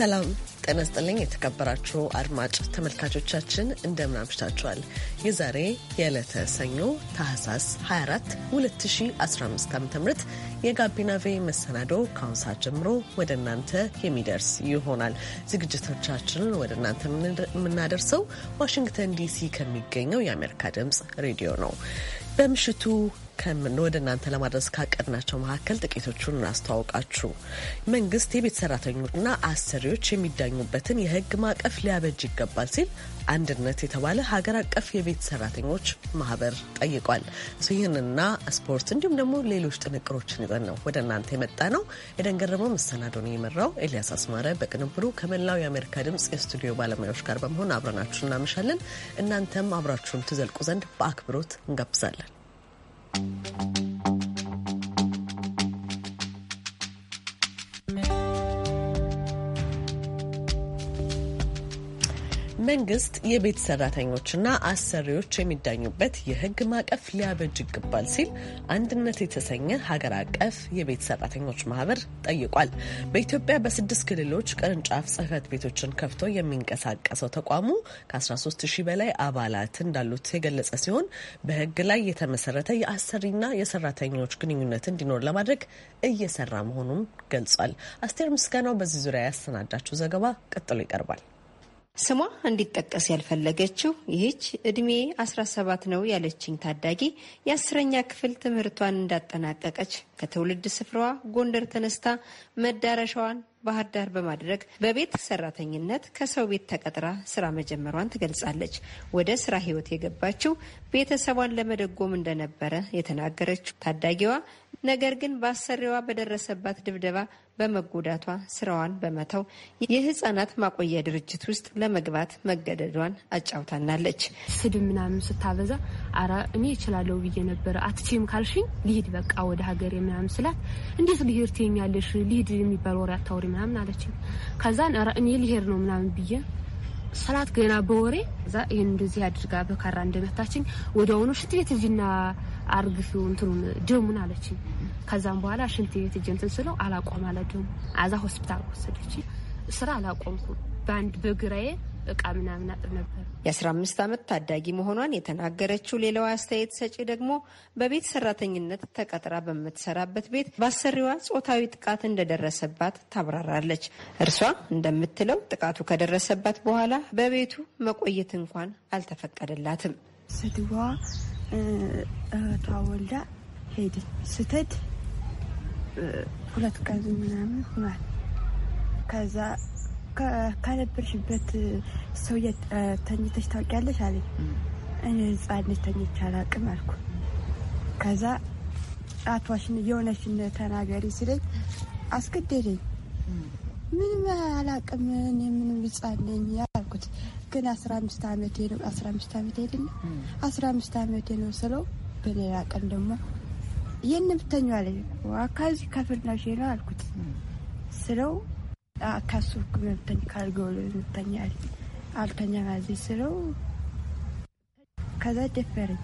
ሰላም ጤና ይስጥልኝ። የተከበራችሁ አድማጭ ተመልካቾቻችን እንደምን አምሽታችኋል? የዛሬ የዕለተ ሰኞ ታህሳስ 24 2015 ዓ ም የጋቢና ቬ መሰናዶ ከአሁን ሰዓት ጀምሮ ወደ እናንተ የሚደርስ ይሆናል። ዝግጅቶቻችንን ወደ እናንተ የምናደርሰው ዋሽንግተን ዲሲ ከሚገኘው የአሜሪካ ድምፅ ሬዲዮ ነው። በምሽቱ ወደ እናንተ ለማድረስ ካቀድናቸው መካከል ጥቂቶቹን እናስተዋውቃችሁ። መንግስት የቤት ሰራተኞችና አሰሪዎች የሚዳኙበትን የህግ ማዕቀፍ ሊያበጅ ይገባል ሲል አንድነት የተባለ ሀገር አቀፍ የቤት ሰራተኞች ማህበር ጠይቋል። ይህንና ስፖርት እንዲሁም ደግሞ ሌሎች ጥንቅሮችን ይዘን ነው ወደ እናንተ የመጣ ነው። ኤደን ገረመው መሰናዶን የመራው ኤልያስ አስማረ በቅንብሩ ከመላው የአሜሪካ ድምጽ የስቱዲዮ ባለሙያዎች ጋር በመሆን አብረናችሁ እናመሻለን። እናንተም አብራችሁን ትዘልቁ ዘንድ በአክብሮት እንጋብዛለን። うん。መንግስት የቤት ሰራተኞችና አሰሪዎች የሚዳኙበት የህግ ማዕቀፍ ሊያበጅ ይገባል ሲል አንድነት የተሰኘ ሀገር አቀፍ የቤት ሰራተኞች ማህበር ጠይቋል። በኢትዮጵያ በስድስት ክልሎች ቅርንጫፍ ጽህፈት ቤቶችን ከፍቶ የሚንቀሳቀሰው ተቋሙ ከ13 ሺህ በላይ አባላት እንዳሉት የገለጸ ሲሆን በህግ ላይ የተመሰረተ የአሰሪና የሰራተኞች ግንኙነት እንዲኖር ለማድረግ እየሰራ መሆኑም ገልጿል። አስቴር ምስጋናው በዚህ ዙሪያ ያሰናዳችው ዘገባ ቀጥሎ ይቀርባል። ስሟ እንዲጠቀስ ያልፈለገችው ይህች እድሜ 17 ነው ያለችኝ ታዳጊ የአስረኛ ክፍል ትምህርቷን እንዳጠናቀቀች ከትውልድ ስፍራዋ ጎንደር ተነስታ መዳረሻዋን ባህር ዳር በማድረግ በቤት ሰራተኝነት ከሰው ቤት ተቀጥራ ስራ መጀመሯን ትገልጻለች። ወደ ስራ ህይወት የገባችው ቤተሰቧን ለመደጎም እንደነበረ የተናገረችው ታዳጊዋ ነገር ግን በአሰሪዋ በደረሰባት ድብደባ በመጎዳቷ ስራዋን በመተው የህጻናት ማቆያ ድርጅት ውስጥ ለመግባት መገደዷን አጫውታናለች። ስድብ ምናምን ስታበዛ አረ እኔ እችላለሁ ብዬ ነበረ። አትችም ካልሽኝ ልሂድ በቃ ወደ ሀገር ምናምን ስላት እንዴት ልሄድ ትኛለሽ? ልሂድ የሚባል ወሬ አታወሪ ምናምን አለችኝ። ከዛን አረ እኔ ልሄድ ነው ምናምን ብዬ ሰላት ገና በወሬ ዛ ይህን እንደዚህ አድርጋ በካራ እንደመታችኝ ወዲያውኑ ሽንት ቤት እጅና አርግፊው እንትኑን ደሙን አለች። ከዛም በኋላ ሽንት ቤት እጄ እንትን ስለው አላቆም አለ ደሙ። አዛ ሆስፒታል ወሰደች። ስራ አላቆምኩ በአንድ በግራዬ እቃ ምናምን አጥብ ነበር። የአስራ አምስት ዓመት ታዳጊ መሆኗን የተናገረችው ሌላዋ አስተያየት ሰጪ ደግሞ በቤት ሰራተኝነት ተቀጥራ በምትሰራበት ቤት በአሰሪዋ ጾታዊ ጥቃት እንደደረሰባት ታብራራለች። እርሷ እንደምትለው ጥቃቱ ከደረሰባት በኋላ በቤቱ መቆየት እንኳን አልተፈቀደላትም። ስድዋ እህቷ ወልዳ ሄድ ስትሄድ ሁለት ቀን ምናምን ሆኗል። ከዛ ከነበርሽበት ሰውዬ ተኝተች ታውቂያለሽ አለኝ። እኔ ህፃን ነች ተኝቼ አላውቅም አልኩ። ከዛ አቷሽን የሆነሽን ተናገሪ ሲለኝ አስገደደኝ። ምንም አላውቅም እኔ ምንም ህፃን ነኝ አልኩት። ግን አስራ አምስት ዓመቴ ነው አስራ አምስት ዓመቴ አይደለ አስራ አምስት ዓመቴ ነው ስለው በሌላ ቀን ደግሞ ይህን ብተኛ አለ አካዚ ከፍርናሽ ነው አልኩት ስለው ከሱ መብተኝ ካልገሎ ምተኛ አልተኛ ማዚ ስለው ከዛ ደፈረኝ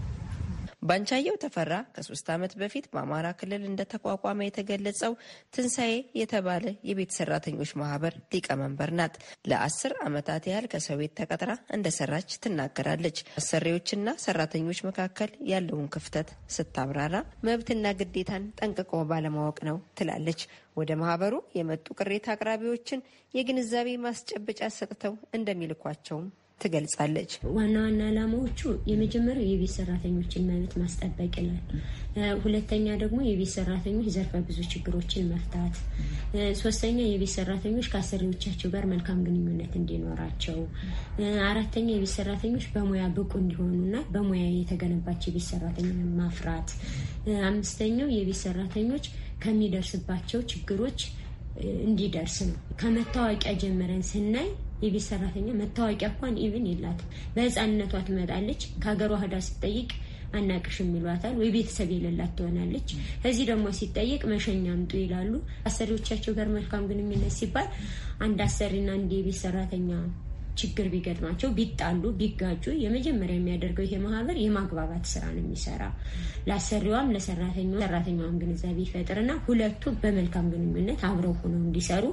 ባንቻየው ተፈራ ከሶስት ዓመት በፊት በአማራ ክልል እንደተቋቋመ የተገለጸው ትንሣኤ የተባለ የቤት ሰራተኞች ማህበር ሊቀመንበር ናት። ለአስር ዓመታት ያህል ከሰው ቤት ተቀጥራ እንደሰራች ትናገራለች። አሰሪዎችና ሰራተኞች መካከል ያለውን ክፍተት ስታብራራ መብትና ግዴታን ጠንቅቆ ባለማወቅ ነው ትላለች። ወደ ማህበሩ የመጡ ቅሬታ አቅራቢዎችን የግንዛቤ ማስጨበጫ ሰጥተው እንደሚልኳቸውም ትገልጻለች። ዋና ዋና ዓላማዎቹ የመጀመሪያው የቤት ሰራተኞችን መብት ማስጠበቅ ይላል። ሁለተኛ ደግሞ የቤት ሰራተኞች ዘርፈ ብዙ ችግሮችን መፍታት፣ ሶስተኛ የቤት ሰራተኞች ከአሰሪዎቻቸው ጋር መልካም ግንኙነት እንዲኖራቸው፣ አራተኛ የቤት ሰራተኞች በሙያ ብቁ እንዲሆኑና በሙያ የተገነባቸው የቤት ሰራተኛ ማፍራት፣ አምስተኛው የቤት ሰራተኞች ከሚደርስባቸው ችግሮች እንዲደርስ ነው። ከመታወቂያ ጀምረን ስናይ ኢቪ ሰራተኛ መታወቂያ እንኳን ኢቭን የላትም። በህፃንነቷ ትመጣለች። ከሀገሯ ህዳ ስትጠይቅ አናቅሽም ይሏታል። ወይ ቤተሰብ የሌላት ትሆናለች። እዚህ ደግሞ ሲጠይቅ መሸኛ አምጡ ይላሉ። አሰሪዎቻቸው ጋር መልካም ግንኙነት ሲባል አንድ አሰሪና አንድ የቤት ሰራተኛ ችግር ቢገጥማቸው ቢጣሉ፣ ቢጋጩ የመጀመሪያ የሚያደርገው ይሄ ማህበር የማግባባት ስራ ነው የሚሰራ ለአሰሪዋም ለሰራተኛ ሰራተኛዋም ግንዛቤ ይፈጥርና ሁለቱ በመልካም ግንኙነት አብረው ሆነው እንዲሰሩ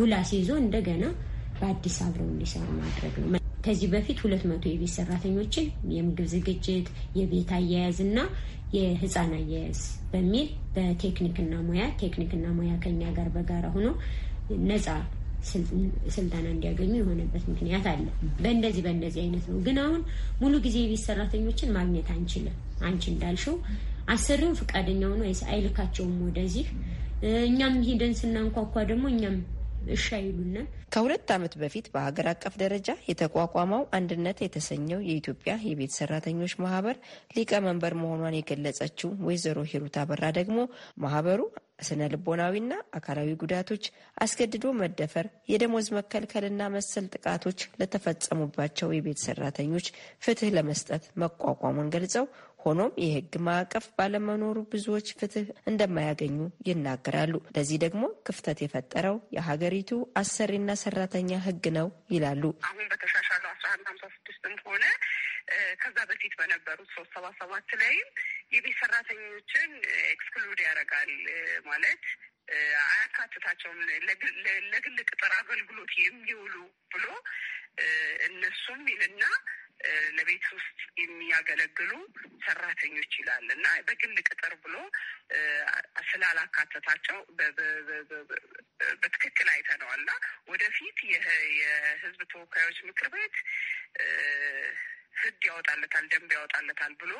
ውላ ሲይዞ እንደገና በአዲስ አብረው እንዲሰሩ ማድረግ ነው። ከዚህ በፊት ሁለት መቶ የቤት ሰራተኞችን የምግብ ዝግጅት፣ የቤት አያያዝ እና የህፃን አያያዝ በሚል በቴክኒክና ሙያ ቴክኒክና ሙያ ከኛ ጋር በጋራ ሆኖ ነፃ ስልጠና እንዲያገኙ የሆነበት ምክንያት አለ። በእንደዚህ በእንደዚህ አይነት ነው። ግን አሁን ሙሉ ጊዜ የቤት ሰራተኞችን ማግኘት አንችልም። አንቺ እንዳልሽው አሰሪው ፈቃደኛ ሆኖ አይልካቸውም ወደዚህ። እኛም ሂደን ስናንኳኳ ደግሞ እኛም እሺ ከሁለት ዓመት በፊት በሀገር አቀፍ ደረጃ የተቋቋመው አንድነት የተሰኘው የኢትዮጵያ የቤት ሰራተኞች ማህበር ሊቀመንበር መሆኗን የገለጸችው ወይዘሮ ሂሩት አበራ ደግሞ ማህበሩ ስነ ልቦናዊና አካላዊ ጉዳቶች፣ አስገድዶ መደፈር፣ የደሞዝ መከልከልና መሰል ጥቃቶች ለተፈጸሙባቸው የቤት ሰራተኞች ፍትህ ለመስጠት መቋቋሙን ገልጸው ሆኖም የህግ ማዕቀፍ ባለመኖሩ ብዙዎች ፍትህ እንደማያገኙ ይናገራሉ። ለዚህ ደግሞ ክፍተት የፈጠረው የሀገሪቱ አሰሪና ሰራተኛ ህግ ነው ይላሉ። አሁን በተሻሻለው አስራ አንድ ሀምሳ ስድስትም ሆነ ከዛ በፊት በነበሩት ሶስት ሰባ ሰባት ላይም የቤት ሰራተኞችን ኤክስክሉድ ያደርጋል ማለት አያካትታቸውም ለግል ቅጥር አገልግሎት የሚውሉ ብሎ እነሱም ይልና ለቤት ውስጥ የሚያገለግሉ ሰራተኞች ይላል እና በግል ቅጥር ብሎ ስላላካተታቸው በትክክል አይተነዋል እና ወደፊት የህዝብ ተወካዮች ምክር ቤት ህግ ያወጣለታል፣ ደንብ ያወጣለታል ብሎ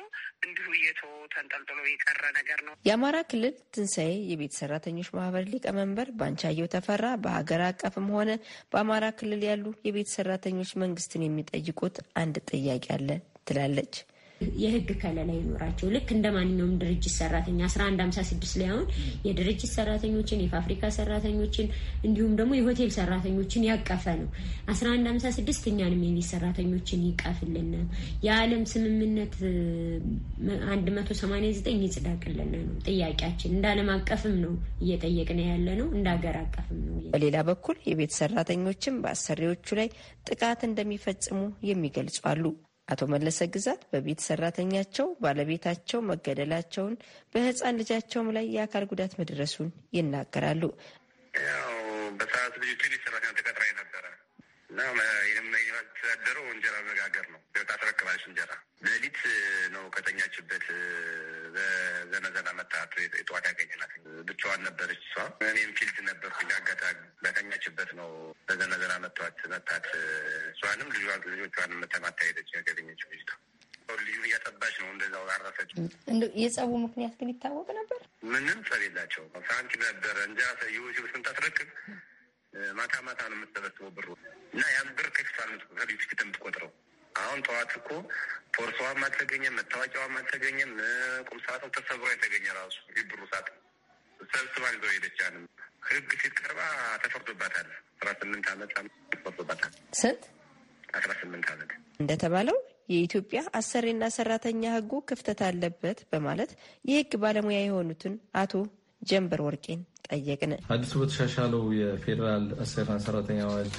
እንዲሁ እየቶ ተንጠልጥሎ የቀረ ነገር ነው። የአማራ ክልል ትንሣኤ የቤት ሰራተኞች ማህበር ሊቀመንበር ባንቻየው ተፈራ በሀገር አቀፍም ሆነ በአማራ ክልል ያሉ የቤት ሰራተኞች መንግስትን የሚጠይቁት አንድ ጥያቄ አለ ትላለች። የህግ ከለላ ይኖራቸው ልክ እንደ ማንኛውም ድርጅት ሰራተኛ 1156 ላይ አሁን የድርጅት ሰራተኞችን የፋብሪካ ሰራተኞችን እንዲሁም ደግሞ የሆቴል ሰራተኞችን ያቀፈ ነው። ስድስት እኛንም የቤት ሰራተኞችን ይቀፍልን የዓለም ስምምነት ዘጠኝ ይጽዳቅልን ነው ጥያቄያችን። እንደ ዓለም አቀፍም ነው እየጠየቅን ያለ ነው፣ እንደ ሀገር አቀፍም ነው። በሌላ በኩል የቤት ሰራተኞችም በአሰሪዎቹ ላይ ጥቃት እንደሚፈጽሙ የሚገልጹ አሉ። አቶ መለሰ ግዛት በቤት ሰራተኛቸው ባለቤታቸው መገደላቸውን በህፃን ልጃቸውም ላይ የአካል ጉዳት መድረሱን ይናገራሉ። ያው በሰዓት ልጅቱ ቤት ሰራተኛ ተቀጥራ እና የምተዳደረው እንጀራ መጋገር ነው። ህይወት አስረክባለች እንጀራ ሌሊት ነው ከተኛችበት በዘነዘና ዘና መታ የጠዋት ያገኘናት ብቻዋን ነበረች እሷ። እኔም ፊልድ ነበርኩኝ አጋጣሚ በተኛችበት ነው በዘነዘና ዘና መጣት እሷንም ልጆቿንም መተማታ ሄደች ያገኘችው ልጅቷ ልዩ እያጠባች ነው እንደዛው አረፈች። የጸቡ ምክንያት ግን ይታወቅ ነበር። ምንም ጸብ የላቸው ሳንቲም ነበረ እንጀራ ስንታስረክብ ማታ ማታ ነው የምትሰበስበው ብሩ እና ያም ብር ክፍሳ ከቤት ፊት የምትቆጥረው። አሁን ጠዋት እኮ ፖርሰዋም አልተገኘም፣ መታወቂያዋም አልተገኘም፣ ቁም ሰዓቱ ተሰብሮ የተገኘ ራሱ የብሩ ሰዓት ሰብስባ ይዘው ሄደች። ህግ ፊት ቀርባ ተፈርዶባታል። አስራ ስምንት አመት ተፈርዶባታል። ስንት? አስራ ስምንት አመት እንደተባለው የኢትዮጵያ አሰሪና ሰራተኛ ህጉ ክፍተት አለበት በማለት የህግ ባለሙያ የሆኑትን አቶ ጀንበር ወርቄን ጠየቅን። አዲሱ በተሻሻለው የፌዴራል አሰሪና ሰራተኛ አዋጅ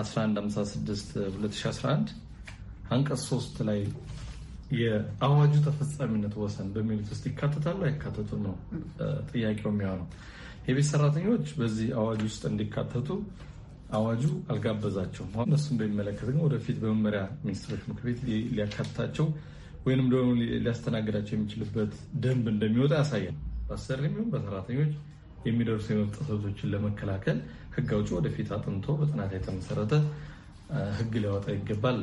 1156 2011 አንቀጽ 3 ላይ የአዋጁ ተፈጻሚነት ወሰን በሚሉት ውስጥ ይካተታሉ አይካተቱ ነው ጥያቄው የሚሆነው። የቤት ሰራተኞች በዚህ አዋጅ ውስጥ እንዲካተቱ አዋጁ አልጋበዛቸውም። አሁን እሱም በሚመለከት ግን ወደፊት በመመሪያ ሚኒስትሮች ምክር ቤት ሊያካትታቸው ወይንም ደግሞ ሊያስተናግዳቸው የሚችልበት ደንብ እንደሚወጣ ያሳያል። በአሰሪም ይሁን በሰራተኞች የሚደርሱ የመብት ጥሰቶችን ለመከላከል ህግ አውጪ ወደፊት አጥንቶ በጥናት የተመሰረተ ህግ ሊያወጣ ይገባል።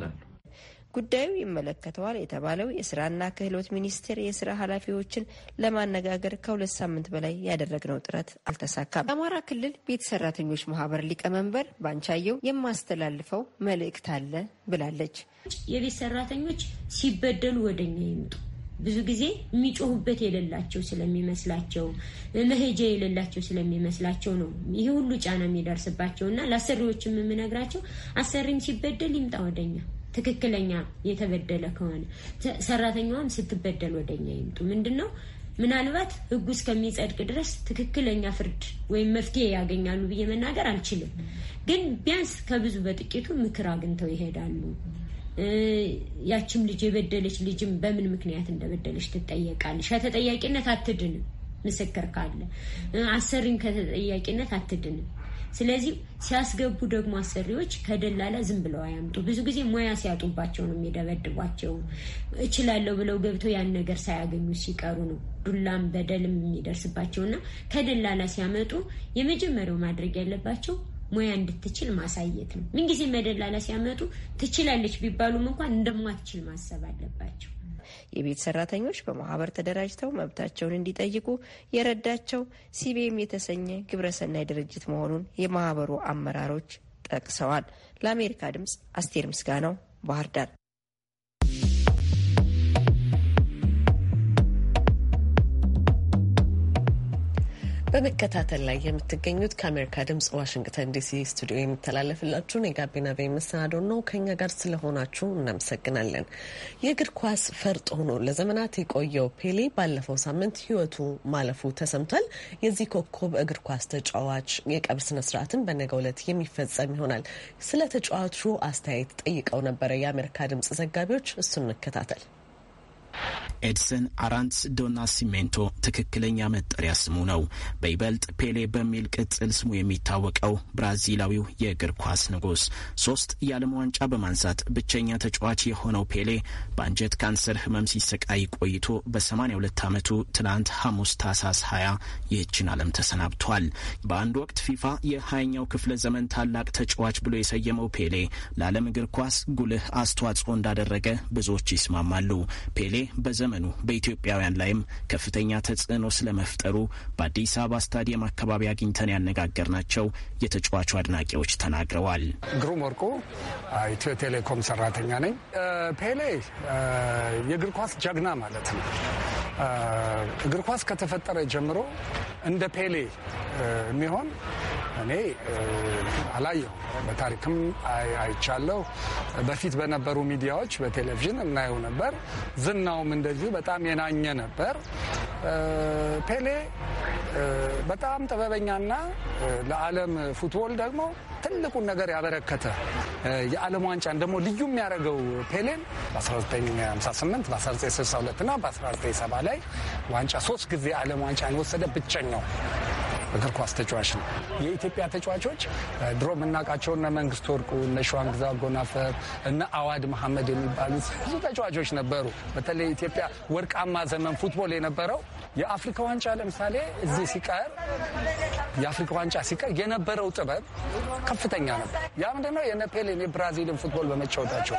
ጉዳዩ ይመለከተዋል የተባለው የስራና ክህሎት ሚኒስቴር የስራ ኃላፊዎችን ለማነጋገር ከሁለት ሳምንት በላይ ያደረግነው ጥረት አልተሳካም። የአማራ ክልል ቤት ሰራተኞች ማህበር ሊቀመንበር ባንቻየው የማስተላልፈው መልእክት አለ ብላለች። የቤት ሰራተኞች ሲበደሉ ወደኛ ይምጡ ብዙ ጊዜ የሚጮሁበት የሌላቸው ስለሚመስላቸው መሄጃ የሌላቸው ስለሚመስላቸው ነው ይሄ ሁሉ ጫና የሚደርስባቸው እና ለአሰሪዎችም የምነግራቸው አሰሪም ሲበደል ይምጣ ወደኛ ትክክለኛ የተበደለ ከሆነ ሰራተኛዋም ስትበደል ወደኛ ይምጡ። ምንድን ነው ምናልባት ህጉ እስከሚጸድቅ ድረስ ትክክለኛ ፍርድ ወይም መፍትሄ ያገኛሉ ብዬ መናገር አልችልም፣ ግን ቢያንስ ከብዙ በጥቂቱ ምክር አግኝተው ይሄዳሉ። ያችም ልጅ የበደለች ልጅም በምን ምክንያት እንደበደለች ትጠየቃለች። ከተጠያቂነት አትድንም። ምስክር ካለ አሰሪም ከተጠያቂነት አትድንም። ስለዚህ ሲያስገቡ ደግሞ አሰሪዎች ከደላላ ዝም ብለው አያምጡ። ብዙ ጊዜ ሙያ ሲያጡባቸው ነው የሚደበድቧቸው። እችላለሁ ብለው ገብተው ያን ነገር ሳያገኙ ሲቀሩ ነው ዱላም በደልም የሚደርስባቸው እና ከደላላ ሲያመጡ የመጀመሪያው ማድረግ ያለባቸው ሙያ እንድትችል ማሳየት ነው። ምንጊዜ መደላላ ሲያመጡ ትችላለች ቢባሉም እንኳን እንደማትችል ማሰብ አለባቸው። የቤት ሰራተኞች በማህበር ተደራጅተው መብታቸውን እንዲጠይቁ የረዳቸው ሲቢኤም የተሰኘ ግብረሰናይ ድርጅት መሆኑን የማህበሩ አመራሮች ጠቅሰዋል። ለአሜሪካ ድምጽ አስቴር ምስጋናው ባህር ዳር። በመከታተል ላይ የምትገኙት ከአሜሪካ ድምጽ ዋሽንግተን ዲሲ ስቱዲዮ የሚተላለፍላችሁን የጋቢና ቤ መሰናዶው ነው። ከኛ ጋር ስለሆናችሁ እናመሰግናለን። የእግር ኳስ ፈርጥ ሆኖ ለዘመናት የቆየው ፔሌ ባለፈው ሳምንት ሕይወቱ ማለፉ ተሰምቷል። የዚህ ኮከብ እግር ኳስ ተጫዋች የቀብር ስነስርዓትን ስርዓትን በነገ ዕለት የሚፈጸም ይሆናል። ስለ ተጫዋቹ አስተያየት ጠይቀው ነበረ የአሜሪካ ድምጽ ዘጋቢዎች። እሱን እንከታተል። ኤድሰን አራንትስ ዶና ሲሜንቶ ትክክለኛ መጠሪያ ስሙ ነው። በይበልጥ ፔሌ በሚል ቅጽል ስሙ የሚታወቀው ብራዚላዊው የእግር ኳስ ንጉስ ሶስት የዓለም ዋንጫ በማንሳት ብቸኛ ተጫዋች የሆነው ፔሌ በአንጀት ካንሰር ህመም ሲሰቃይ ቆይቶ በ82 ዓመቱ ትናንት ሐሙስ ታሳስ 20 ይህችን ዓለም ተሰናብቷል። በአንድ ወቅት ፊፋ የ20ኛው ክፍለ ዘመን ታላቅ ተጫዋች ብሎ የሰየመው ፔሌ ለዓለም እግር ኳስ ጉልህ አስተዋጽኦ እንዳደረገ ብዙዎች ይስማማሉ። ፔሌ በዘመኑ በኢትዮጵያውያን ላይም ከፍተኛ ተጽዕኖ ስለመፍጠሩ በአዲስ አበባ ስታዲየም አካባቢ አግኝተን ያነጋገርናቸው የተጫዋቹ አድናቂዎች ተናግረዋል። ግሩም ወርቁ ኢትዮ ቴሌኮም ሰራተኛ ነኝ። ፔሌ የእግር ኳስ ጀግና ማለት ነው። እግር ኳስ ከተፈጠረ ጀምሮ እንደ ፔሌ የሚሆን እኔ አላየው፣ በታሪክም አይቻለሁ። በፊት በነበሩ ሚዲያዎች በቴሌቪዥን እናየው ነበር። ዝናውም እንደዚሁ በጣም የናኘ ነበር። ፔሌ በጣም ጥበበኛና ለዓለም ፉትቦል ደግሞ ትልቁን ነገር ያበረከተ የዓለም ዋንጫን ደግሞ ልዩ የሚያደርገው ፔሌን በ1958 በ1962 እና በ1970 ላይ ዋንጫ ሶስት ጊዜ ዓለም ዋንጫን የወሰደ ብቸኛው እግር ኳስ ተጫዋች ነው። የኢትዮጵያ ተጫዋቾች ድሮ የምናውቃቸው እነ መንግስት ወርቁ፣ እነ ሸዋንግዛ ጎናፈር፣ እነ አዋድ መሐመድ የሚባሉት ብዙ ተጫዋቾች ነበሩ። በተለይ ኢትዮጵያ ወርቃማ ዘመን ፉትቦል የነበረው የአፍሪካ ዋንጫ ለምሳሌ እዚህ ሲቀር የአፍሪካ ዋንጫ ሲቀር የነበረው ጥበብ ከፍተኛ ነበር። ያ ምንድነው የነ ፔሌን የብራዚልን ፉትቦል በመጫወታቸው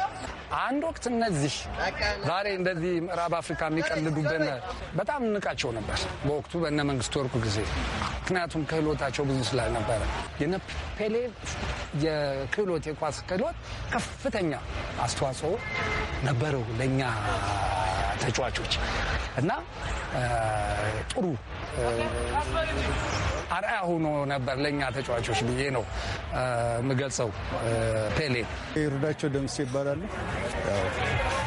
አንድ ወቅት እነዚህ ዛሬ እንደዚህ ምዕራብ አፍሪካ የሚቀልዱብን በጣም እንቃቸው ነበር በወቅቱ በእነ መንግስት ወርቁ ጊዜ ምክንያቱም ክህሎታቸው ብዙ ስላልነበረ የነ ፔሌ የክህሎት የኳስ ክህሎት ከፍተኛ አስተዋጽኦ ነበረው ለእኛ ተጫዋቾች እና ጥሩ አርአያ ሆኖ ነበር ለእኛ ተጫዋቾች ብዬ ነው የምገልጸው። ፔሌ ይርዳቸው ደምስ ይባላሉ።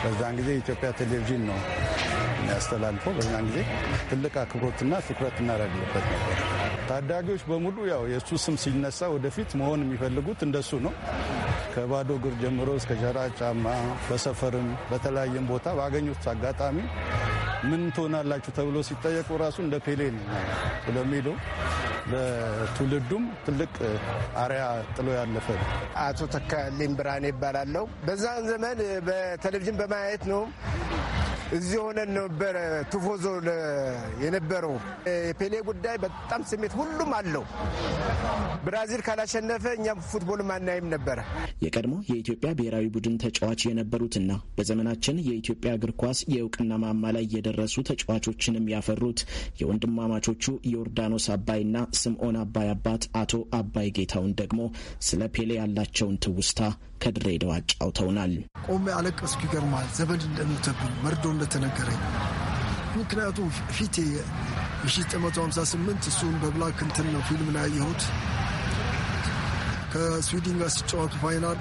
በዛን ጊዜ የኢትዮጵያ ቴሌቪዥን ነው የሚያስተላልፈው። በዛን ጊዜ ትልቅ አክብሮትና ትኩረት እናደርግበት ነበር። ታዳጊዎች በሙሉ ያው የእሱ ስም ሲነሳ ወደፊት መሆን የሚፈልጉት እንደሱ ነው። ከባዶ እግር ጀምሮ እስከ ሸራ ጫማ፣ በሰፈርም በተለያየም ቦታ ባገኙት አጋጣሚ ምን ትሆናላችሁ ተብሎ ሲጠየቁ ራሱ እንደ ፔሌ ስለሚሉ ለትውልዱም ትልቅ አሪያ ጥሎ ያለፈ ነው። አቶ ተካልኝ ብርሃን ይባላለው። በዛን ዘመን በቴሌቪዥን በማየት ነው እዚህ ሆነን ነበረ ቱፎዞ የነበረው። የፔሌ ጉዳይ በጣም ስሜት ሁሉም አለው። ብራዚል ካላሸነፈ እኛም ፉትቦል ማናይም ነበረ። የቀድሞ የኢትዮጵያ ብሔራዊ ቡድን ተጫዋች የነበሩትና በዘመናችን የኢትዮጵያ እግር ኳስ የእውቅና ማማ ላይ የደረሱ ተጫዋቾችንም ያፈሩት የወንድማማቾቹ ዮርዳኖስ አባይና ስምዖን አባይ አባት አቶ አባይ ጌታውን ደግሞ ስለ ፔሌ ያላቸውን ትውስታ ከድሬዳዋ አጫውተውናል። ቆሜ አለቀስኩ። ይገርማል ዘበን መርዶ እንደተነገረኝ። ምክንያቱም ፊቴ የ1958 እሱን በብላክ እንትን ነው ፊልም ላይ ያየሁት ከስዊድን ጋር ሲጫወቱ ፋይናል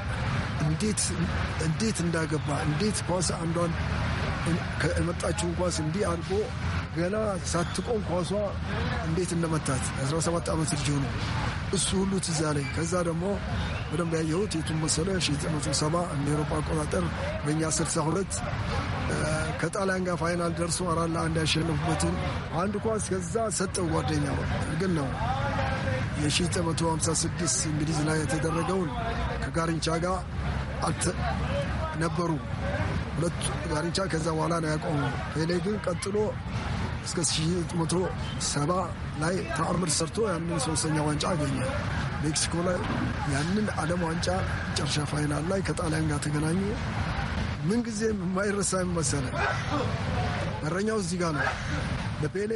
እንዴት እንዳገባ እንዴት ኳስ አንዷን ከመጣችውን ኳስ እንዲህ አድርጎ ገና ሳትቆም ኳሷ እንዴት እንደመታት 17 ዓመት ልጅ ሆኖ እሱ ሁሉ ትዝ አለኝ። ከዛ ደግሞ በደንብ ያየሁት የቱን መሰለ 1970 እንደ ኤሮፓ አቆጣጠር በእኛ 62 ከጣሊያን ጋር ፋይናል ደርሶ አራት ለአንድ ያሸንፉበትን አንድ ኳስ ከዛ ሰጠው ጓደኛ ግን ነው የ1956 እንግሊዝ ላይ የተደረገውን ከጋርንቻ ጋር ነበሩ ሁለቱ ጋርንቻ ከዛ በኋላ ነው ያቆሙ። ፔሌ ግን ቀጥሎ እስከ 1970 ላይ ተአምር ሰርቶ ያንን ሶስተኛ ዋንጫ አገኘ። ሜክሲኮ ላይ ያንን ዓለም ዋንጫ መጨረሻ ፋይናል ላይ ከጣሊያን ጋር ተገናኙ። ምንጊዜም የማይረሳ መሰለ። በረኛው እዚህ ጋር ነው። ለፔሌ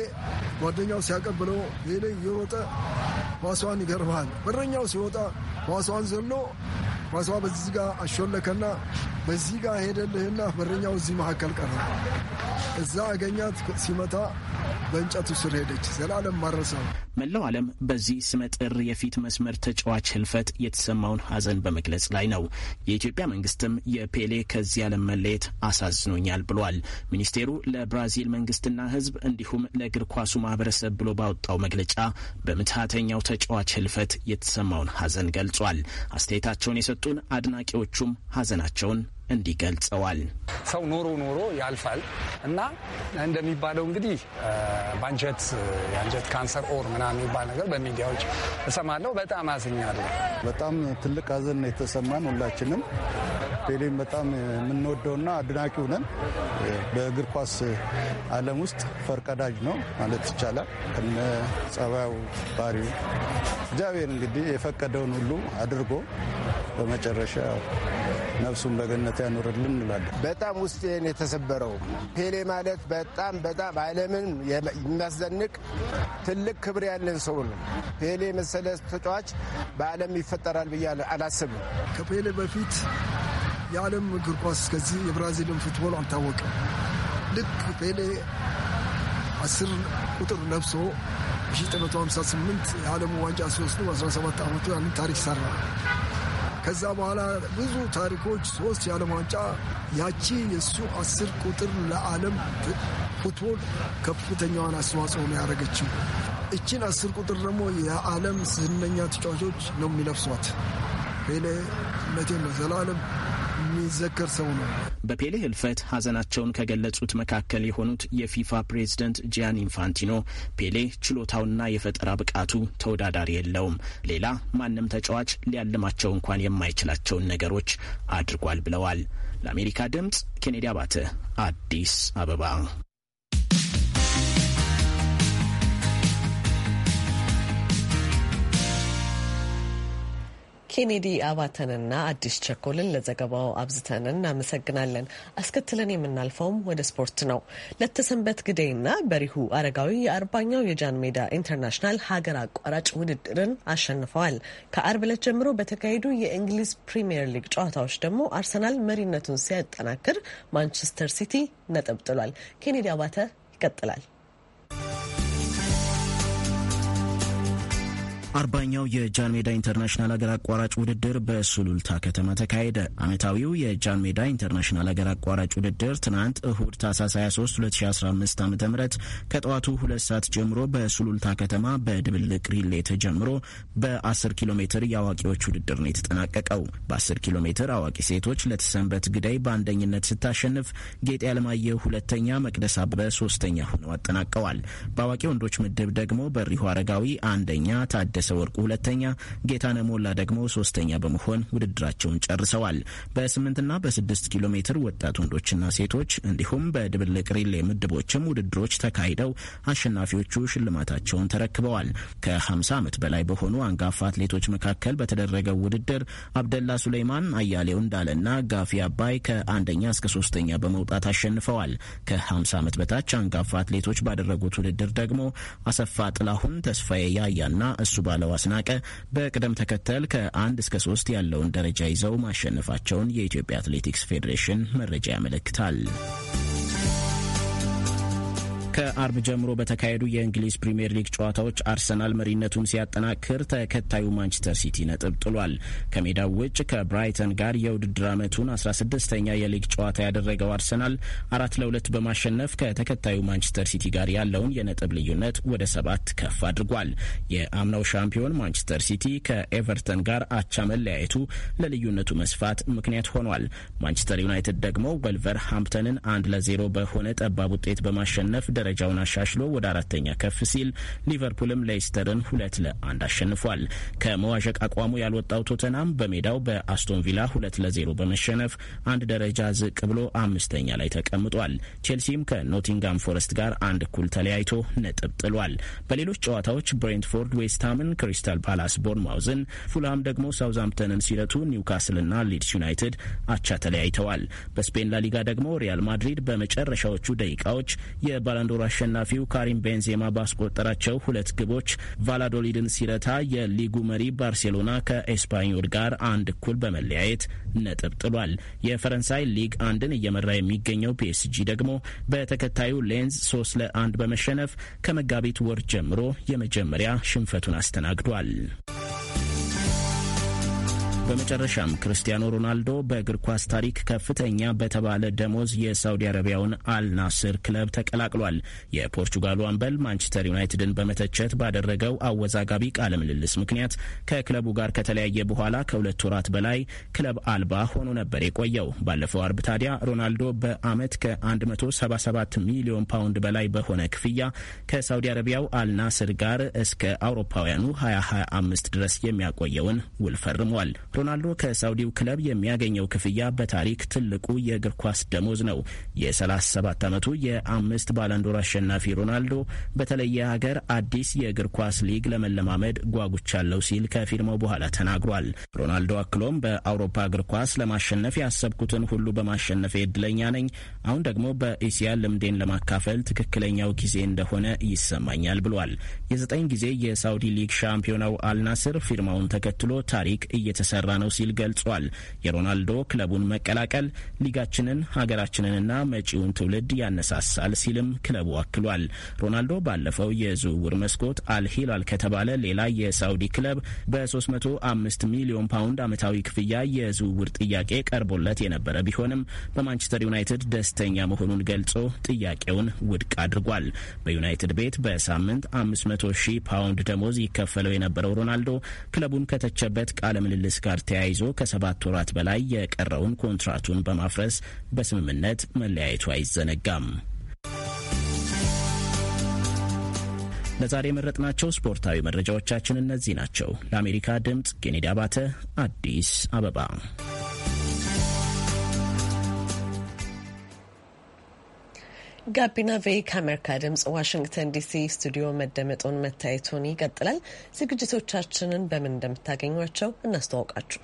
ጓደኛው ሲያቀብለው ፔሌ እየሮጠ ኳሷን ይገርመሃል። በረኛው ሲወጣ ኳሷን ዘሎ ኳሷ በዚህ ጋር አሾለከና በዚህ ጋር ሄደልህና በረኛው እዚህ መካከል ቀረ። እዛ አገኛት ሲመታ በእንጨቱ ስር ሄደች። ዘላለም ማረሰው መላው ዓለም በዚህ ስመጥር የፊት መስመር ተጫዋች ህልፈት የተሰማውን ሀዘን በመግለጽ ላይ ነው። የኢትዮጵያ መንግስትም የፔሌ ከዚህ ዓለም መለየት አሳዝኖኛል ብሏል። ሚኒስቴሩ ለብራዚል መንግስትና ህዝብ እንዲሁም ለእግር ኳሱ ማህበረሰብ ብሎ ባወጣው መግለጫ በምትሃተኛው ተጫዋች ህልፈት የተሰማውን ሀዘን ገልጿል። አስተያየታቸውን የሰጡን አድናቂዎቹም ሀዘናቸውን ። እንዲህ ገልጸዋል። ሰው ኖሮ ኖሮ ያልፋል እና እንደሚባለው እንግዲህ በአንጀት የአንጀት ካንሰር ኦር ምናምን የሚባል ነገር በሚዲያዎች እሰማለሁ። በጣም አዝኛለሁ። በጣም ትልቅ ሀዘን ነው የተሰማን ሁላችንም። ፔሌን በጣም የምንወደውና አድናቂው ነን። በእግር ኳስ ዓለም ውስጥ ፈርቀዳጅ ነው ማለት ይቻላል። ከነ ጸባዩ ባሪው እግዚአብሔር እንግዲህ የፈቀደውን ሁሉ አድርጎ በመጨረሻ ነፍሱን በገነት ያኖርልን እንላለን። በጣም ውስጤን የተሰበረው ፔሌ ማለት በጣም በጣም ዓለምን የሚያስደንቅ ትልቅ ክብር ያለን ሰው ነው። ፔሌ መሰለ ተጫዋች በዓለም ይፈጠራል ብዬ አላስብም። ከፔሌ በፊት የዓለም እግር ኳስ እስከዚህ የብራዚልን ፉትቦል አልታወቀም። ልክ ፔሌ አስር ቁጥር ለብሶ 1958 የዓለም ዋንጫ ሲወስዱ 17 ዓመቱ ያንን ታሪክ ሰራ። ከዛ በኋላ ብዙ ታሪኮች ሶስት የዓለም ዋንጫ ያቺ የእሱ አስር ቁጥር ለዓለም ፉትቦል ከፍተኛዋን አስተዋጽኦ ነው ያደረገችው። እችን አስር ቁጥር ደግሞ የዓለም ዝነኛ ተጫዋቾች ነው የሚለብሷት ፔሌ መቴ ዘላለም የሚዘከር ሰው ነው። በፔሌ ህልፈት ሀዘናቸውን ከገለጹት መካከል የሆኑት የፊፋ ፕሬዝደንት ጂያን ኢንፋንቲኖ ፔሌ ችሎታውና የፈጠራ ብቃቱ ተወዳዳሪ የለውም፣ ሌላ ማንም ተጫዋች ሊያልማቸው እንኳን የማይችላቸውን ነገሮች አድርጓል ብለዋል። ለአሜሪካ ድምጽ ኬኔዲ አባተ አዲስ አበባ ኬኔዲ አባተንና አዲስ ቸኮልን ለዘገባው አብዝተን እናመሰግናለን። አስከትለን የምናልፈውም ወደ ስፖርት ነው። ለተሰንበት ግደይና በሪሁ አረጋዊ የአርባኛው የጃን ሜዳ ኢንተርናሽናል ሀገር አቋራጭ ውድድርን አሸንፈዋል። ከአርብ ዕለት ጀምሮ በተካሄዱ የእንግሊዝ ፕሪምየር ሊግ ጨዋታዎች ደግሞ አርሰናል መሪነቱን ሲያጠናክር፣ ማንቸስተር ሲቲ ነጥብ ጥሏል። ኬኔዲ አባተ ይቀጥላል። አርባኛው የጃንሜዳ ሜዳ ኢንተርናሽናል ሀገር አቋራጭ ውድድር በሱሉልታ ከተማ ተካሄደ። ዓመታዊው የጃንሜዳ ሜዳ ኢንተርናሽናል ሀገር አቋራጭ ውድድር ትናንት እሁድ ታህሳስ 23 2015 ዓ ም ከጠዋቱ ሁለት ሰዓት ጀምሮ በሱሉልታ ከተማ በድብልቅ ሪሌ ተጀምሮ በ10 ኪሎ ሜትር የአዋቂዎች ውድድር ነው የተጠናቀቀው። በ10 ኪሎ ሜትር አዋቂ ሴቶች ለተሰንበት ግዳይ በአንደኝነት ስታሸንፍ፣ ጌጤ ያለማየሁ ሁለተኛ፣ መቅደስ አበበ ሶስተኛ ሆነው አጠናቀዋል። በአዋቂ ወንዶች ምድብ ደግሞ በሪሁ አረጋዊ አንደኛ፣ ታደሰ ታደሰ ወርቁ ሁለተኛ፣ ጌታነ ሞላ ደግሞ ሶስተኛ በመሆን ውድድራቸውን ጨርሰዋል። በስምንትና በስድስት ኪሎ ሜትር ወጣት ወንዶችና ሴቶች እንዲሁም በድብልቅ ሪሌ ምድቦችም ውድድሮች ተካሂደው አሸናፊዎቹ ሽልማታቸውን ተረክበዋል። ከ50 ዓመት በላይ በሆኑ አንጋፋ አትሌቶች መካከል በተደረገው ውድድር አብደላ ሱሌይማን፣ አያሌው እንዳለና ጋፊ አባይ ከአንደኛ እስከ ሶስተኛ በመውጣት አሸንፈዋል። ከ50 ዓመት በታች አንጋፋ አትሌቶች ባደረጉት ውድድር ደግሞ አሰፋ ጥላሁን፣ ተስፋዬ ያያና እሱ ባ ዳለው አስናቀ በቅደም ተከተል ከአንድ እስከ ሶስት ያለውን ደረጃ ይዘው ማሸነፋቸውን የኢትዮጵያ አትሌቲክስ ፌዴሬሽን መረጃ ያመለክታል። ከአርብ ጀምሮ በተካሄዱ የእንግሊዝ ፕሪምየር ሊግ ጨዋታዎች አርሰናል መሪነቱን ሲያጠናክር፣ ተከታዩ ማንቸስተር ሲቲ ነጥብ ጥሏል። ከሜዳው ውጭ ከብራይተን ጋር የውድድር ዓመቱን 16ተኛ የሊግ ጨዋታ ያደረገው አርሰናል አራት ለሁለት በማሸነፍ ከተከታዩ ማንቸስተር ሲቲ ጋር ያለውን የነጥብ ልዩነት ወደ ሰባት ከፍ አድርጓል። የአምናው ሻምፒዮን ማንቸስተር ሲቲ ከኤቨርተን ጋር አቻ መለያየቱ ለልዩነቱ መስፋት ምክንያት ሆኗል። ማንቸስተር ዩናይትድ ደግሞ ወልቨር ሃምፕተንን አንድ ለዜሮ በሆነ ጠባብ ውጤት በማሸነፍ ደረጃውን አሻሽሎ ወደ አራተኛ ከፍ ሲል ሊቨርፑልም ሌስተርን ሁለት ለአንድ አሸንፏል። ከመዋዠቅ አቋሙ ያልወጣው ቶተናም በሜዳው በአስቶን ቪላ ሁለት ለዜሮ በመሸነፍ አንድ ደረጃ ዝቅ ብሎ አምስተኛ ላይ ተቀምጧል። ቼልሲም ከኖቲንጋም ፎረስት ጋር አንድ እኩል ተለያይቶ ነጥብ ጥሏል። በሌሎች ጨዋታዎች ብሬንትፎርድ ዌስትሃምን፣ ክሪስታል ፓላስ ቦርንማውዝን፣ ፉልሃም ደግሞ ሳውዝሃምፕተንን ሲረቱ ኒውካስልና ሊድስ ዩናይትድ አቻ ተለያይተዋል። በስፔን ላሊጋ ደግሞ ሪያል ማድሪድ በመጨረሻዎቹ ደቂቃዎች የባላንዶ የውድድሩ አሸናፊው ካሪም ቤንዜማ ባስቆጠራቸው ሁለት ግቦች ቫላዶሊድን ሲረታ የሊጉ መሪ ባርሴሎና ከኤስፓኞል ጋር አንድ እኩል በመለያየት ነጥብ ጥሏል። የፈረንሳይ ሊግ አንድን እየመራ የሚገኘው ፒኤስጂ ደግሞ በተከታዩ ሌንዝ ሶስት ለአንድ በመሸነፍ ከመጋቢት ወር ጀምሮ የመጀመሪያ ሽንፈቱን አስተናግዷል። በመጨረሻም ክርስቲያኖ ሮናልዶ በእግር ኳስ ታሪክ ከፍተኛ በተባለ ደሞዝ የሳውዲ አረቢያውን አልናስር ክለብ ተቀላቅሏል። የፖርቹጋሉ አምበል ማንቸስተር ዩናይትድን በመተቸት ባደረገው አወዛጋቢ ቃለ ምልልስ ምክንያት ከክለቡ ጋር ከተለያየ በኋላ ከሁለት ወራት በላይ ክለብ አልባ ሆኖ ነበር የቆየው። ባለፈው አርብ ታዲያ ሮናልዶ በዓመት ከ177 ሚሊዮን ፓውንድ በላይ በሆነ ክፍያ ከሳውዲ አረቢያው አልናስር ጋር እስከ አውሮፓውያኑ 2025 ድረስ የሚያቆየውን ውል ፈርሟል። ሮናልዶ ከሳውዲው ክለብ የሚያገኘው ክፍያ በታሪክ ትልቁ የእግር ኳስ ደሞዝ ነው። የ37 ዓመቱ የአምስት ባለንዶር አሸናፊ ሮናልዶ በተለየ ሀገር አዲስ የእግር ኳስ ሊግ ለመለማመድ ጓጉቻለሁ ሲል ከፊርማው በኋላ ተናግሯል። ሮናልዶ አክሎም በአውሮፓ እግር ኳስ ለማሸነፍ ያሰብኩትን ሁሉ በማሸነፍ እድለኛ ነኝ። አሁን ደግሞ በኢሲያ ልምዴን ለማካፈል ትክክለኛው ጊዜ እንደሆነ ይሰማኛል ብሏል። የዘጠኝ ጊዜ የሳውዲ ሊግ ሻምፒዮናው አልናስር ፊርማውን ተከትሎ ታሪክ እየተሰራ እየሰራ ነው ሲል ገልጿል። የሮናልዶ ክለቡን መቀላቀል ሊጋችንን፣ ሀገራችንንና መጪውን ትውልድ ያነሳሳል ሲልም ክለቡ አክሏል። ሮናልዶ ባለፈው የዝውውር መስኮት አልሂላል ከተባለ ሌላ የሳውዲ ክለብ በ305 ሚሊዮን ፓውንድ ዓመታዊ ክፍያ የዝውውር ጥያቄ ቀርቦለት የነበረ ቢሆንም በማንቸስተር ዩናይትድ ደስተኛ መሆኑን ገልጾ ጥያቄውን ውድቅ አድርጓል። በዩናይትድ ቤት በሳምንት 500 ሺህ ፓውንድ ደሞዝ ይከፈለው የነበረው ሮናልዶ ክለቡን ከተቸበት ቃለ ምልልስ ጋር ጋር ተያይዞ ከሰባት ወራት በላይ የቀረውን ኮንትራቱን በማፍረስ በስምምነት መለያየቱ አይዘነጋም። ለዛሬ የመረጥናቸው ስፖርታዊ መረጃዎቻችን እነዚህ ናቸው። ለአሜሪካ ድምፅ ኬኔዲ አባተ፣ አዲስ አበባ። ጋቢና ቬ ከአሜሪካ ድምጽ ዋሽንግተን ዲሲ ስቱዲዮ መደመጡን መታየቱን ይቀጥላል። ዝግጅቶቻችንን በምን እንደምታገኟቸው እናስተዋውቃችሁ።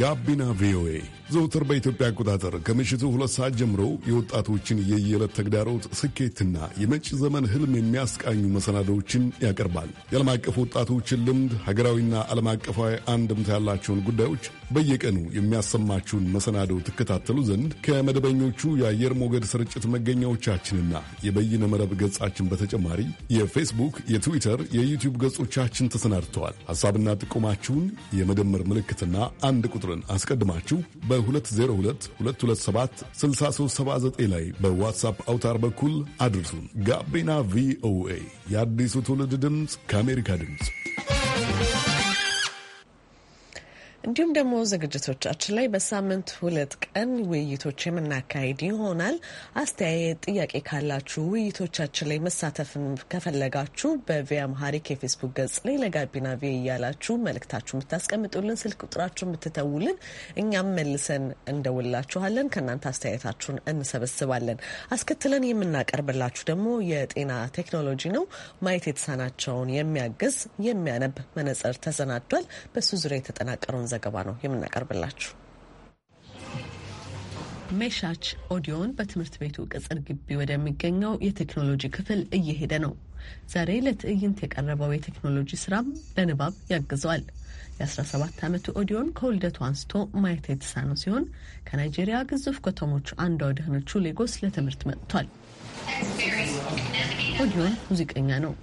ጋቢና ቪኦኤ ዘውትር በኢትዮጵያ አቆጣጠር ከምሽቱ ሁለት ሰዓት ጀምሮ የወጣቶችን የየዕለት ተግዳሮት ስኬትና የመጪ ዘመን ህልም የሚያስቃኙ መሰናዶዎችን ያቀርባል። የዓለም አቀፍ ወጣቶችን ልምድ፣ ሀገራዊና ዓለም አቀፋዊ አንድምታ ያላቸውን ጉዳዮች በየቀኑ የሚያሰማችሁን መሰናዶ ትከታተሉ ዘንድ ከመደበኞቹ የአየር ሞገድ ስርጭት መገኛዎቻችንና የበይነ መረብ ገጻችን በተጨማሪ የፌስቡክ፣ የትዊተር፣ የዩቲዩብ ገጾቻችን ተሰናድተዋል። ሐሳብና ጥቆማችሁን የመደመር ምልክትና አንድ ቁጥርን አስቀድማችሁ በ202227 6379 ላይ በዋትሳፕ አውታር በኩል አድርሱን። ጋቢና ቪኦኤ የአዲሱ ትውልድ ድምፅ ከአሜሪካ ድምፅ እንዲሁም ደግሞ ዝግጅቶቻችን ላይ በሳምንት ሁለት ቀን ውይይቶች የምናካሄድ ይሆናል። አስተያየት፣ ጥያቄ ካላችሁ ውይይቶቻችን ላይ መሳተፍን ከፈለጋችሁ በቪያ መሀሪክ የፌስቡክ ገጽ ላይ ለጋቢና ቪ እያላችሁ መልእክታችሁ የምታስቀምጡልን ስልክ ቁጥራችሁ የምትተውልን እኛም መልሰን እንደውላችኋለን። ከእናንተ አስተያየታችሁን እንሰበስባለን። አስከትለን የምናቀርብላችሁ ደግሞ የጤና ቴክኖሎጂ ነው። ማየት የተሳናቸውን የሚያግዝ የሚያነብ መነጽር ተሰናዷል። በሱ ዙሪያ የተጠናቀረውን ዘገባ ነው የምናቀርብላችሁ። ሜሻች ኦዲዮን በትምህርት ቤቱ ቅጽር ግቢ ወደሚገኘው የቴክኖሎጂ ክፍል እየሄደ ነው። ዛሬ ለትዕይንት የቀረበው የቴክኖሎጂ ስራም ለንባብ ያግዘዋል። የ17 ዓመቱ ኦዲዮን ከውልደቱ አንስቶ ማየት የተሳነው ሲሆን ከናይጄሪያ ግዙፍ ከተሞች አንዷ ወደሆነችው ሌጎስ ለትምህርት መጥቷል። ኦዲዮን ሙዚቀኛ ነው።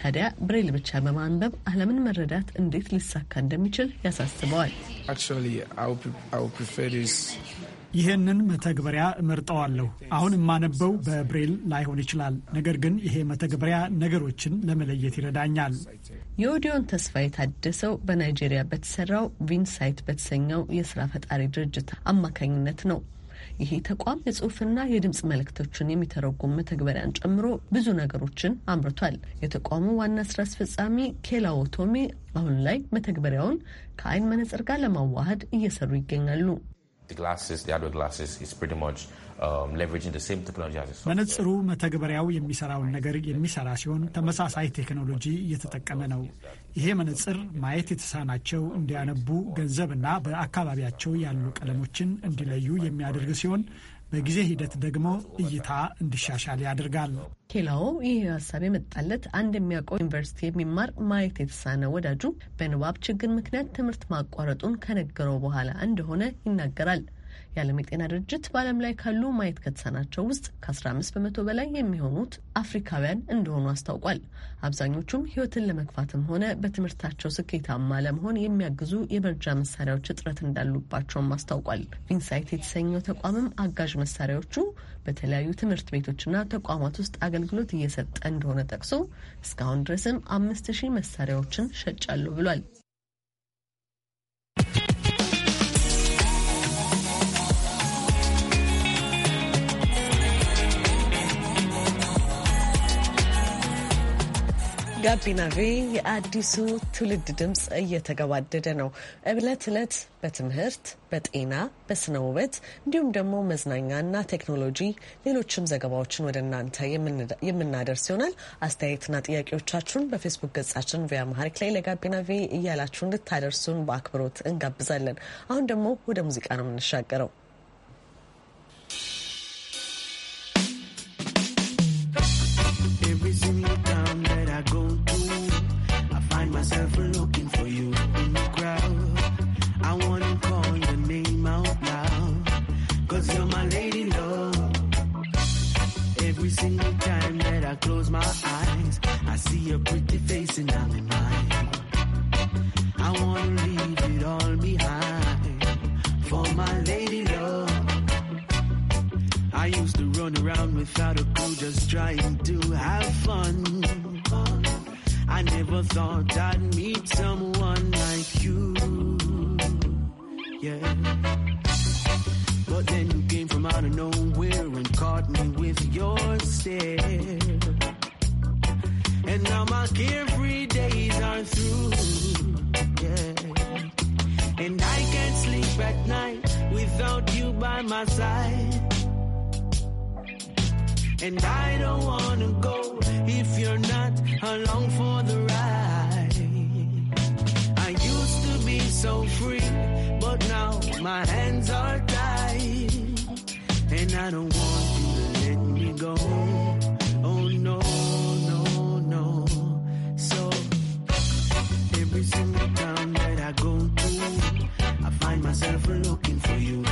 ታዲያ ብሬል ብቻ በማንበብ ዓለምን መረዳት እንዴት ሊሳካ እንደሚችል ያሳስበዋል። ይህንን መተግበሪያ እመርጠዋለሁ። አሁን የማነበው በብሬል ላይሆን ይችላል፣ ነገር ግን ይሄ መተግበሪያ ነገሮችን ለመለየት ይረዳኛል። የኦዲዮን ተስፋ የታደሰው በናይጄሪያ በተሰራው ቪንሳይት በተሰኘው የስራ ፈጣሪ ድርጅት አማካኝነት ነው። ይሄ ተቋም የጽሁፍና የድምፅ መልእክቶችን የሚተረጉም መተግበሪያን ጨምሮ ብዙ ነገሮችን አምርቷል። የተቋሙ ዋና ስራ አስፈጻሚ ኬላዎ ቶሜ አሁን ላይ መተግበሪያውን ከአይን መነጽር ጋር ለማዋሃድ እየሰሩ ይገኛሉ። መነጽሩ um, መተግበሪያው የሚሰራውን ነገር የሚሰራ ሲሆን ተመሳሳይ ቴክኖሎጂ እየተጠቀመ ነው። ይሄ መነጽር ማየት የተሳናቸው እንዲያነቡ ገንዘብና በአካባቢያቸው ያሉ ቀለሞችን እንዲለዩ የሚያደርግ ሲሆን በጊዜ ሂደት ደግሞ እይታ እንዲሻሻል ያደርጋል። ኬላው ይህ ሀሳብ የመጣለት አንድ የሚያውቀው ዩኒቨርሲቲ የሚማር ማየት የተሳነ ወዳጁ በንባብ ችግር ምክንያት ትምህርት ማቋረጡን ከነገረው በኋላ እንደሆነ ይናገራል። የዓለም የጤና ድርጅት በዓለም ላይ ካሉ ማየት ከተሳናቸው ውስጥ ከ15 በመቶ በላይ የሚሆኑት አፍሪካውያን እንደሆኑ አስታውቋል። አብዛኞቹም ህይወትን ለመግፋትም ሆነ በትምህርታቸው ስኬታማ ለመሆን የሚያግዙ የመርጃ መሳሪያዎች እጥረት እንዳሉባቸውም አስታውቋል። ኢንሳይት የተሰኘው ተቋምም አጋዥ መሳሪያዎቹ በተለያዩ ትምህርት ቤቶችና ተቋማት ውስጥ አገልግሎት እየሰጠ እንደሆነ ጠቅሶ እስካሁን ድረስም አምስት ሺህ መሳሪያዎችን ሸጫለሁ ብሏል። ጋቢና ቬ የአዲሱ ትውልድ ድምፅ እየተገባደደ ነው። እለት እለት በትምህርት፣ በጤና፣ በስነ ውበት እንዲሁም ደግሞ መዝናኛና ቴክኖሎጂ ሌሎችም ዘገባዎችን ወደ እናንተ የምናደርስ ይሆናል። አስተያየትና ጥያቄዎቻችሁን በፌስቡክ ገጻችን ቪያ መሀሪክ ላይ ለጋቢና ቬ እያላችሁ እንድታደርሱን በአክብሮት እንጋብዛለን። አሁን ደግሞ ወደ ሙዚቃ ነው የምንሻገረው። And I don't wanna go if you're not along for the ride. I used to be so free, but now my hands are tied. And I don't want you to let me go. Oh no, no, no. So every single time that I go to, I find myself looking for you.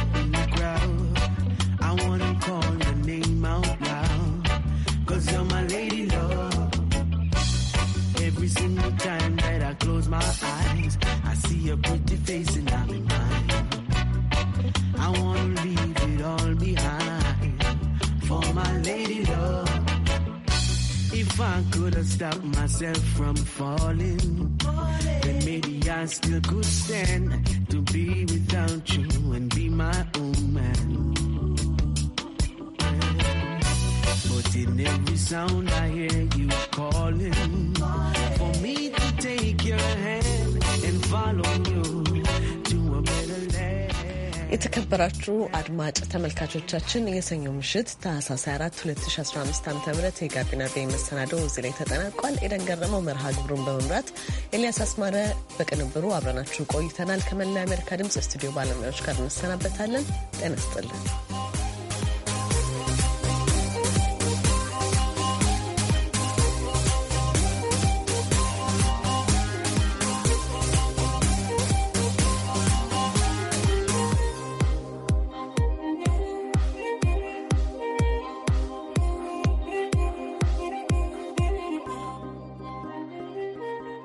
my eyes. I see a pretty face and I'm in mine. I wanna leave it all behind for my lady love. If I could have stopped myself from falling, then maybe I still could stand to be without you and be my own man. But in every sound I hear you calling. የተከበራችሁ አድማጭ ተመልካቾቻችን የሰኞ ምሽት ታህሳስ 4 2015 ዓ ም የጋቢና ቤ መሰናደው እዚህ ላይ ተጠናቋል። ኤደን ገረመው መርሃ ግብሩን በመምራት ኤልያስ አስማረ በቅንብሩ አብረናችሁ ቆይተናል። ከመላ የአሜሪካ ድምፅ ስቱዲዮ ባለሙያዎች ጋር እንሰናበታለን። ጤና ይስጥልን።